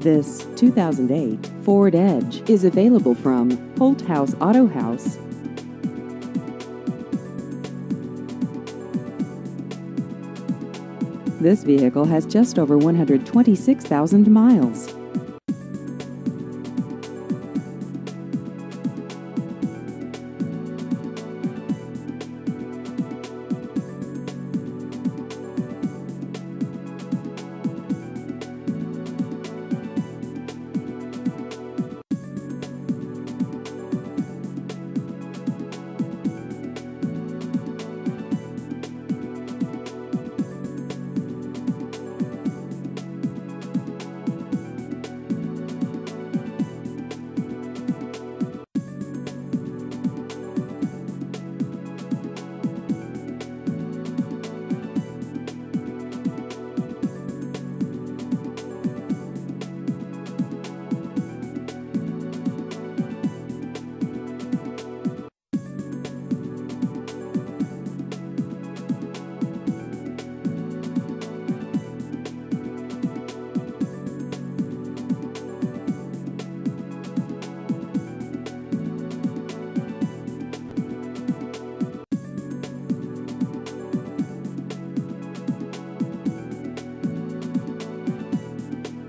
This 2008 Ford Edge is available from Holt House Auto House. This vehicle has just over 126,000 miles.